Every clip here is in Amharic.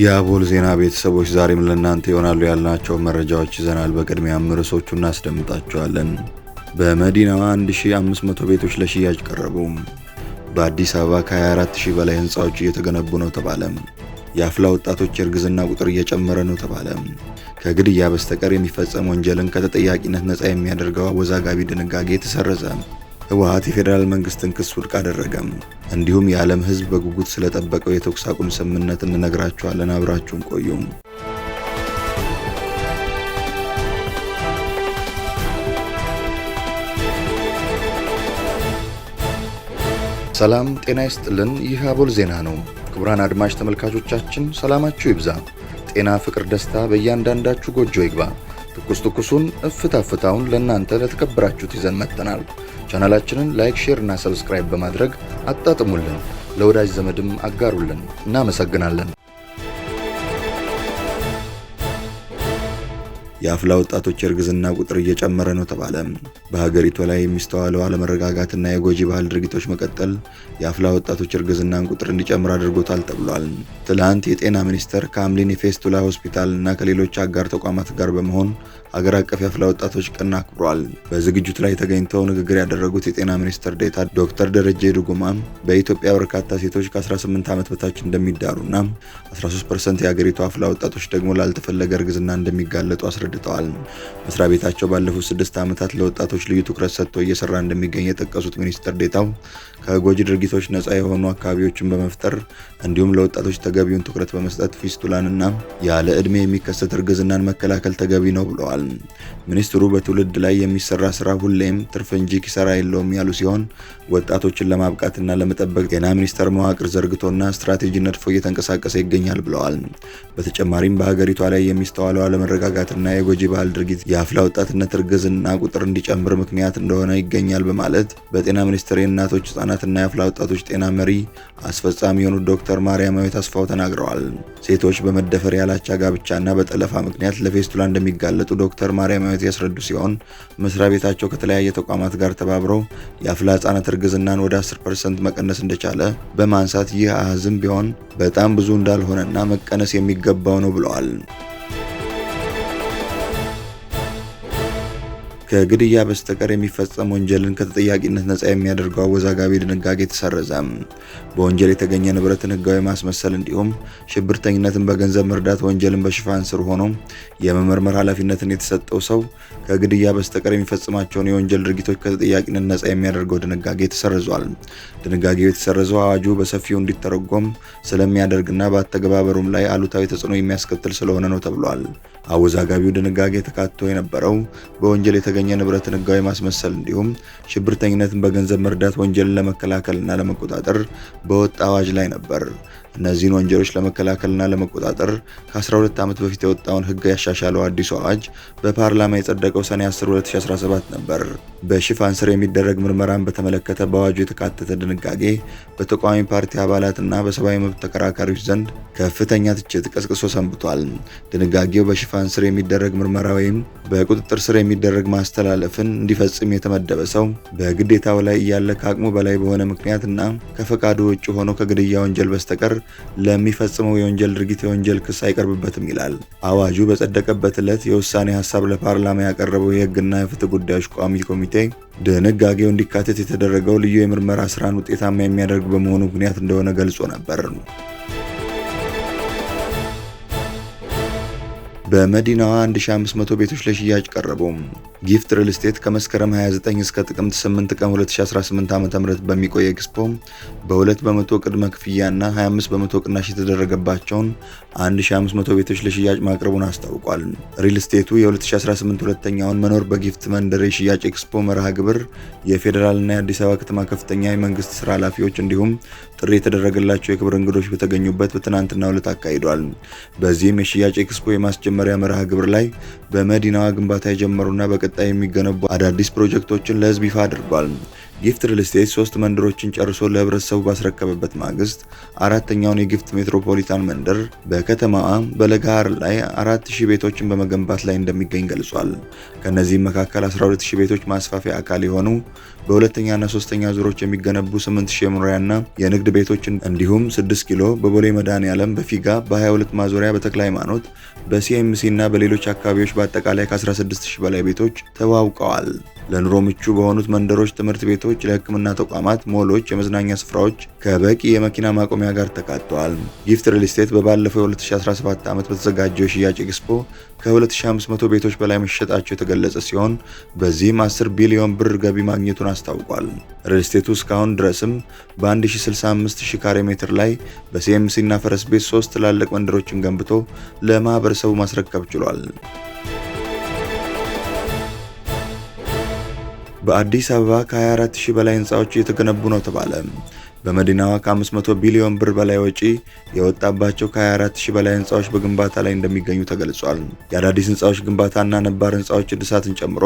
የአቦል ዜና ቤተሰቦች ዛሬም ለእናንተ ይሆናሉ ያልናቸው መረጃዎች ይዘናል። በቅድሚያም ርዕሶቹ እናስደምጣቸዋለን። በመዲናዋ 1500 ቤቶች ለሽያጭ ቀረቡ። በአዲስ አበባ ከ24000 በላይ ህንፃዎች እየተገነቡ ነው ተባለ። የአፍላ ወጣቶች የእርግዝና ቁጥር እየጨመረ ነው ተባለ። ከግድያ በስተቀር የሚፈጸም ወንጀልን ከተጠያቂነት ነፃ የሚያደርገው አወዛጋቢ ድንጋጌ ተሰረዘ። ህወሓት የፌዴራል መንግስትን ክስ ውድቅ አደረገም። እንዲሁም የዓለም ህዝብ በጉጉት ስለጠበቀው የተኩስ አቁም ስምምነት እንነግራችኋለን። አብራችሁን ቆዩም። ሰላም ጤና ይስጥልን። ይህ አቦል ዜና ነው። ክቡራን አድማጭ ተመልካቾቻችን ሰላማችሁ ይብዛ፣ ጤና፣ ፍቅር፣ ደስታ በእያንዳንዳችሁ ጎጆ ይግባ። ትኩስ ትኩሱን እፍታ ፍታውን ለእናንተ ለተከበራችሁት ይዘን መጥተናል። ቻናላችንን ላይክ፣ ሼር እና ሰብስክራይብ በማድረግ አጣጥሙልን፣ ለወዳጅ ዘመድም አጋሩልን። እናመሰግናለን። የአፍላ ወጣቶች የእርግዝና ቁጥር እየጨመረ ነው ተባለ። በሀገሪቱ ላይ የሚስተዋለው አለመረጋጋትና የጎጂ ባህል ድርጊቶች መቀጠል የአፍላ ወጣቶች እርግዝናን ቁጥር እንዲጨምር አድርጎታል ተብሏል። ትላንት የጤና ሚኒስቴር ከአምሊን የፌስቱላ ሆስፒታል እና ከሌሎች አጋር ተቋማት ጋር በመሆን ሀገር አቀፍ የአፍላ ወጣቶች ቀን አክብሯል። በዝግጅቱ ላይ ተገኝተው ንግግር ያደረጉት የጤና ሚኒስትር ዴታ ዶክተር ደረጀ ዱጉማ በኢትዮጵያ በርካታ ሴቶች ከ18 ዓመት በታች እንደሚዳሩና 13 ፐርሰንት የሀገሪቱ አፍላ ወጣቶች ደግሞ ላልተፈለገ እርግዝና እንደሚጋለጡ አስረድ አስረድተዋል። መስሪያ ቤታቸው ባለፉት ስድስት ዓመታት ለወጣቶች ልዩ ትኩረት ሰጥቶ እየሰራ እንደሚገኝ የጠቀሱት ሚኒስትር ዴታው ከጎጂ ድርጊቶች ነፃ የሆኑ አካባቢዎችን በመፍጠር እንዲሁም ለወጣቶች ተገቢውን ትኩረት በመስጠት ፊስቱላንና ያለ ዕድሜ የሚከሰት እርግዝናን መከላከል ተገቢ ነው ብለዋል። ሚኒስትሩ በትውልድ ላይ የሚሰራ ስራ ሁሌም ትርፍ እንጂ ኪሳራ የለውም ያሉ ሲሆን ወጣቶችን ለማብቃትና ለመጠበቅ ጤና ሚኒስቴር መዋቅር ዘርግቶና ስትራቴጂ ነድፎ እየተንቀሳቀሰ ይገኛል ብለዋል። በተጨማሪም በሀገሪቷ ላይ የሚስተዋለው አለመረጋጋትና ጎጂ ባህል ድርጊት የአፍላ ወጣትነት እርግዝና ቁጥር እንዲጨምር ምክንያት እንደሆነ ይገኛል በማለት በጤና ሚኒስቴር የእናቶች ህጻናትና የአፍላ ወጣቶች ጤና መሪ አስፈጻሚ የሆኑት ዶክተር ማርያማዊት አስፋው ተናግረዋል። ሴቶች በመደፈር ያላቻ ጋብቻና በጠለፋ ምክንያት ለፌስቱላ እንደሚጋለጡ ዶክተር ማርያማዊት ያስረዱ ሲሆን መስሪያ ቤታቸው ከተለያየ ተቋማት ጋር ተባብረው የአፍላ ህጻናት እርግዝናን ወደ 10 ፐርሰንት መቀነስ እንደቻለ በማንሳት ይህ አዝም ቢሆን በጣም ብዙ እንዳልሆነና መቀነስ የሚገባው ነው ብለዋል። ከግድያ በስተቀር የሚፈጸም ወንጀልን ከተጠያቂነት ነጻ የሚያደርገው አወዛጋቢ ድንጋጌ ተሰረዘ። በወንጀል የተገኘ ንብረትን ህጋዊ ማስመሰል እንዲሁም ሽብርተኝነትን በገንዘብ መርዳት ወንጀልን በሽፋን ስር ሆኖ የመመርመር ኃላፊነትን የተሰጠው ሰው ከግድያ በስተቀር የሚፈጽማቸውን የወንጀል ድርጊቶች ከተጠያቂነት ነጻ የሚያደርገው ድንጋጌ ተሰርዟል። ድንጋጌው የተሰረዘው አዋጁ በሰፊው እንዲተረጎም ስለሚያደርግና በአተገባበሩም ላይ አሉታዊ ተጽዕኖ የሚያስከትል ስለሆነ ነው ተብሏል። አወዛጋቢው ድንጋጌ ተካቶ የነበረው በወንጀል የተገኘ ሐሰተኛ ንብረትን ሕጋዊ ማስመሰል እንዲሁም ሽብርተኝነትን በገንዘብ መርዳት ወንጀልን ለመከላከልና ለመቆጣጠር በወጣ አዋጅ ላይ ነበር። እነዚህን ወንጀሎች ለመከላከልና ለመቆጣጠር ከ12 ዓመት በፊት የወጣውን ህግ ያሻሻለው አዲሱ አዋጅ በፓርላማ የጸደቀው ሰኔ 10 2017 ነበር። በሽፋን ስር የሚደረግ ምርመራን በተመለከተ በአዋጁ የተካተተ ድንጋጌ በተቃዋሚ ፓርቲ አባላትና በሰብአዊ መብት ተከራካሪዎች ዘንድ ከፍተኛ ትችት ቀስቅሶ ሰንብቷል። ድንጋጌው በሽፋን ስር የሚደረግ ምርመራ ወይም በቁጥጥር ስር የሚደረግ ማስተላለፍን እንዲፈጽም የተመደበ ሰው በግዴታው ላይ እያለ ከአቅሙ በላይ በሆነ ምክንያት እና ከፈቃዱ ውጭ ሆኖ ከግድያ ወንጀል በስተቀር ለሚፈጽመው የወንጀል ድርጊት የወንጀል ክስ አይቀርብበትም ይላል። አዋጁ በጸደቀበት ዕለት የውሳኔ ሀሳብ ለፓርላማ ያቀረበው የህግና የፍትህ ጉዳዮች ቋሚ ኮሚቴ ድንጋጌው እንዲካተት የተደረገው ልዩ የምርመራ ስራን ውጤታማ የሚያደርግ በመሆኑ ምክንያት እንደሆነ ገልጾ ነበር። በመዲናዋ 1500 ቤቶች ለሽያጭ ቀረቡ። ጊፍት ሪል ስቴት ከመስከረም 29 እስከ ጥቅምት 8 ቀን 2018 ዓ.ም በሚቆይ ኤክስፖ በ2 በመቶ ቅድመ ክፍያና 25 በመቶ ቅናሽ የተደረገባቸውን 1500 ቤቶች ለሽያጭ ማቅረቡን አስታውቋል። ሪል ስቴቱ የ2018 ሁለተኛውን መኖር በጊፍት መንደር የሽያጭ ኤክስፖ መርሃ ግብር የፌዴራልና የአዲስ አበባ ከተማ ከፍተኛ የመንግስት ስራ ኃላፊዎች እንዲሁም ጥሪ የተደረገላቸው የክብር እንግዶች በተገኙበት በትናንትናው ዕለት አካሂዷል። በዚህም የሽያጭ ኤክስፖ የማስጀመር መጀመሪያ መርሃ ግብር ላይ በመዲናዋ ግንባታ የጀመሩና በቀጣይ የሚገነቡ አዳዲስ ፕሮጀክቶችን ለህዝብ ይፋ አድርጓል። ጊፍት ሪል ስቴት ሶስት መንደሮችን ጨርሶ ለህብረተሰቡ ባስረከበበት ማግስት አራተኛውን የጊፍት ሜትሮፖሊታን መንደር በከተማዋ በለጋር ላይ 4000 ቤቶችን በመገንባት ላይ እንደሚገኝ ገልጿል። ከነዚህም መካከል 12000 ቤቶች ማስፋፊያ አካል የሆኑ በሁለተኛና ሶስተኛ ዙሮች የሚገነቡ 8000 የመኖሪያና የንግድ ቤቶች እንዲሁም 6 ኪሎ በቦሌ ዓለም በፊጋ በ22 ማዞሪያ በተክለ ሃይማኖት በሲኤምሲ እና በሌሎች አካባቢዎች በአጠቃላይ ከ16000 በላይ ቤቶች ተዋውቀዋል። ለኑሮ ምቹ በሆኑት መንደሮች ትምህርት ቤቶች፣ ለህክምና ተቋማት፣ ሞሎች፣ የመዝናኛ ስፍራዎች ከበቂ የመኪና ማቆሚያ ጋር ተካተዋል። ጊፍት ሪል ስቴት በባለፈው የ2017 ዓመት በተዘጋጀው የሽያጭ ኤክስፖ ከ2500 ቤቶች በላይ መሸጣቸው የተገለጸ ሲሆን በዚህም 10 ቢሊዮን ብር ገቢ ማግኘቱን አስታውቋል። ሪል ስቴቱ እስካሁን ድረስም በ1065 ሺ ካሬ ሜትር ላይ በሲኤምሲና ፈረስ ቤት ሶስት ትላልቅ መንደሮችን ገንብቶ ለማህበረሰቡ ማስረከብ ችሏል። በአዲስ አበባ ከ24000 በላይ ህንፃዎች እየተገነቡ ነው ተባለ። በመዲናዋ ከ500 ቢሊዮን ብር በላይ ወጪ የወጣባቸው ከ24000 በላይ ህንፃዎች በግንባታ ላይ እንደሚገኙ ተገልጿል። የአዳዲስ ህንፃዎች ግንባታና ነባር ህንፃዎች እድሳትን ጨምሮ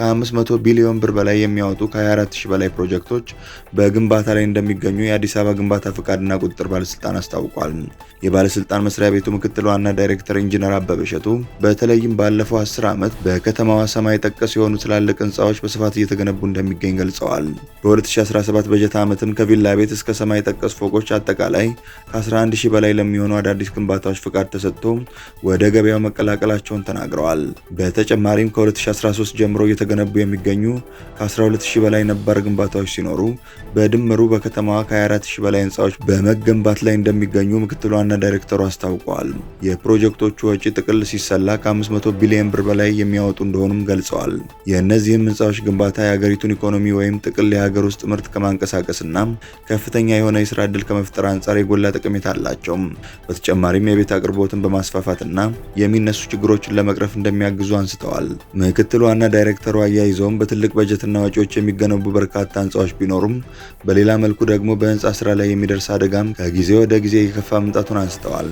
ከ500 ቢሊዮን ብር በላይ የሚያወጡ ከ24000 በላይ ፕሮጀክቶች በግንባታ ላይ እንደሚገኙ የአዲስ አበባ ግንባታ ፍቃድና ቁጥጥር ባለስልጣን አስታውቋል። የባለስልጣን መስሪያ ቤቱ ምክትል ዋና ዳይሬክተር ኢንጂነር አበበ እሸቱ በተለይም ባለፈው 10 ዓመት በከተማዋ ሰማይ ጠቀስ የሆኑ ትላልቅ ህንፃዎች በስፋት እየተገነቡ እንደሚገኝ ገልጸዋል። በ2017 በጀት ዓመትም ከቪላ ቤት ቤት እስከ ሰማይ ጠቀስ ፎቆች አጠቃላይ ከ11 ሺህ በላይ ለሚሆኑ አዳዲስ ግንባታዎች ፍቃድ ተሰጥቶ ወደ ገበያው መቀላቀላቸውን ተናግረዋል። በተጨማሪም ከ2013 ጀምሮ እየተገነቡ የሚገኙ ከ12000 በላይ ነባር ግንባታዎች ሲኖሩ በድምሩ በከተማዋ ከ24000 በላይ ህንፃዎች በመገንባት ላይ እንደሚገኙ ምክትል ዋና ዳይሬክተሩ አስታውቀዋል። የፕሮጀክቶቹ ወጪ ጥቅል ሲሰላ ከ500 ቢሊዮን ብር በላይ የሚያወጡ እንደሆኑም ገልጸዋል። የእነዚህም ህንፃዎች ግንባታ የሀገሪቱን ኢኮኖሚ ወይም ጥቅል የሀገር ውስጥ ምርት ከማንቀሳቀስና ከፍተኛ የሆነ የስራ ዕድል ከመፍጠር አንጻር የጎላ ጠቀሜታ አላቸው። በተጨማሪም የቤት አቅርቦትን በማስፋፋትና የሚነሱ ችግሮችን ለመቅረፍ እንደሚያግዙ አንስተዋል። ምክትል ዋና ዳይሬክተሩ አያይዘውም በትልቅ በጀትና ወጪዎች የሚገነቡ በርካታ ህንፃዎች ቢኖሩም በሌላ መልኩ ደግሞ በህንፃ ስራ ላይ የሚደርስ አደጋም ከጊዜ ወደ ጊዜ የከፋ መምጣቱን አንስተዋል።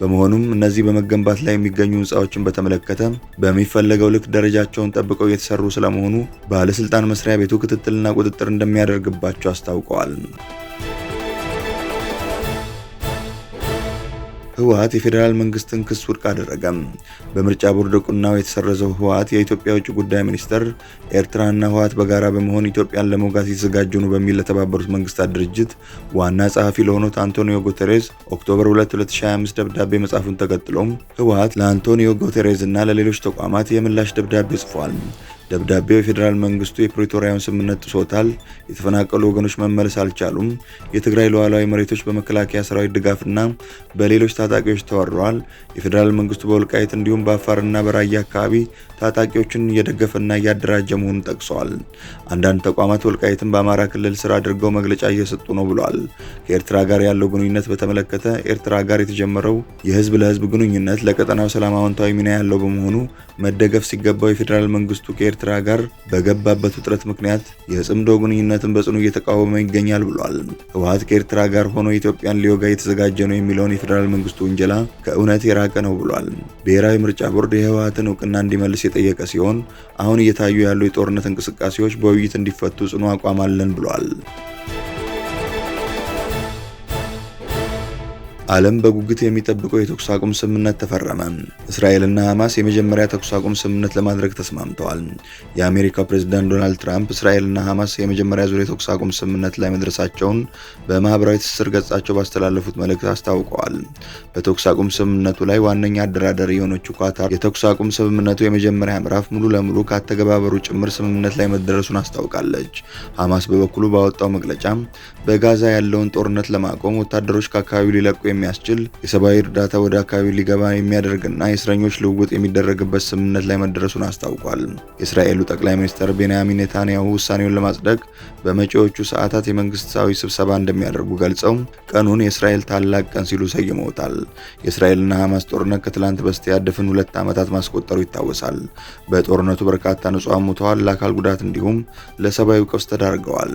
በመሆኑም እነዚህ በመገንባት ላይ የሚገኙ ህንፃዎችን በተመለከተ በሚፈለገው ልክ ደረጃቸውን ጠብቀው እየተሰሩ ስለመሆኑ ባለስልጣን መስሪያ ቤቱ ክትትልና ቁጥጥር እንደሚያደርግባቸው አስታውቀዋል። ህወሀት የፌዴራል መንግስትን ክስ ውድቅ አደረገ። በምርጫ ቦርድ ቁናው የተሰረዘው ህወሀት የኢትዮጵያ ውጭ ጉዳይ ሚኒስትር ኤርትራና ህወሀት በጋራ በመሆን ኢትዮጵያን ለመውጋት የተዘጋጁ ነው በሚል ለተባበሩት መንግስታት ድርጅት ዋና ጸሐፊ ለሆኑት አንቶኒዮ ጉቴሬዝ ኦክቶበር 2 2025 ደብዳቤ መጻፉን ተከትሎም ህወሀት ለአንቶኒዮ ጉቴሬዝ እና ለሌሎች ተቋማት የምላሽ ደብዳቤ ጽፏል። ደብዳቤው የፌዴራል መንግስቱ የፕሪቶሪያውን ስምምነት ጥሶታል፣ የተፈናቀሉ ወገኖች መመለስ አልቻሉም፣ የትግራይ ሉዓላዊ መሬቶች በመከላከያ ሰራዊት ድጋፍና በሌሎች ታጣቂዎች ተወረዋል፣ የፌዴራል መንግስቱ በወልቃይት እንዲሁም በአፋርና በራያ አካባቢ ታጣቂዎችን እየደገፈና እያደራጀ መሆኑን ጠቅሰዋል። አንዳንድ ተቋማት ወልቃይትን በአማራ ክልል ስር አድርገው መግለጫ እየሰጡ ነው ብሏል። ከኤርትራ ጋር ያለው ግንኙነት በተመለከተ ኤርትራ ጋር የተጀመረው የህዝብ ለህዝብ ግንኙነት ለቀጠናው ሰላም አዎንታዊ ሚና ያለው በመሆኑ መደገፍ ሲገባው የፌዴራል መንግስቱ ከኤርትራ ጋር በገባበት ውጥረት ምክንያት የጽምዶ ግንኙነትን በጽኑ እየተቃወመ ይገኛል ብሏል። ህወሓት ከኤርትራ ጋር ሆኖ ኢትዮጵያን ሊወጋ የተዘጋጀ ነው የሚለውን የፌዴራል መንግስቱ ውንጀላ ከእውነት የራቀ ነው ብሏል። ብሔራዊ ምርጫ ቦርድ የህወሓትን እውቅና እንዲመልስ የጠየቀ ሲሆን አሁን እየታዩ ያሉ የጦርነት እንቅስቃሴዎች በውይይት እንዲፈቱ ጽኑ አቋም አለን ብሏል። ዓለም በጉጉት የሚጠብቀው የተኩስ አቁም ስምምነት ተፈረመ። እስራኤልና ሐማስ የመጀመሪያ ተኩስ አቁም ስምምነት ለማድረግ ተስማምተዋል። የአሜሪካው ፕሬዝዳንት ዶናልድ ትራምፕ እስራኤልና ሐማስ የመጀመሪያ ዙር የተኩስ አቁም ስምምነት ላይ መድረሳቸውን በማኅበራዊ ትስስር ገጻቸው ባስተላለፉት መልእክት አስታውቀዋል። በተኩስ አቁም ስምምነቱ ላይ ዋነኛ አደራዳሪ የሆነችው ኳታር የተኩስ አቁም ስምምነቱ የመጀመሪያ ምዕራፍ ሙሉ ለሙሉ ከአተገባበሩ ጭምር ስምምነት ላይ መደረሱን አስታውቃለች። ሐማስ በበኩሉ ባወጣው መግለጫ በጋዛ ያለውን ጦርነት ለማቆም ወታደሮች ከአካባቢው ሊለቁ የሚ የሚያስችል የሰብአዊ እርዳታ ወደ አካባቢው ሊገባ የሚያደርግና የእስረኞች ልውውጥ የሚደረግበት ስምምነት ላይ መደረሱን አስታውቋል። የእስራኤሉ ጠቅላይ ሚኒስትር ቤንያሚን ኔታንያሁ ውሳኔውን ለማጽደቅ በመጪዎቹ ሰዓታት የመንግስታዊ ስብሰባ እንደሚያደርጉ ገልጸው ቀኑን የእስራኤል ታላቅ ቀን ሲሉ ሰይመውታል። የእስራኤልና ሐማስ ጦርነት ከትላንት በስቲያ ድፍን ሁለት ዓመታት ማስቆጠሩ ይታወሳል። በጦርነቱ በርካታ ንጹሐን ሙተዋል፣ ለአካል ጉዳት እንዲሁም ለሰብአዊ ቀውስ ተዳርገዋል።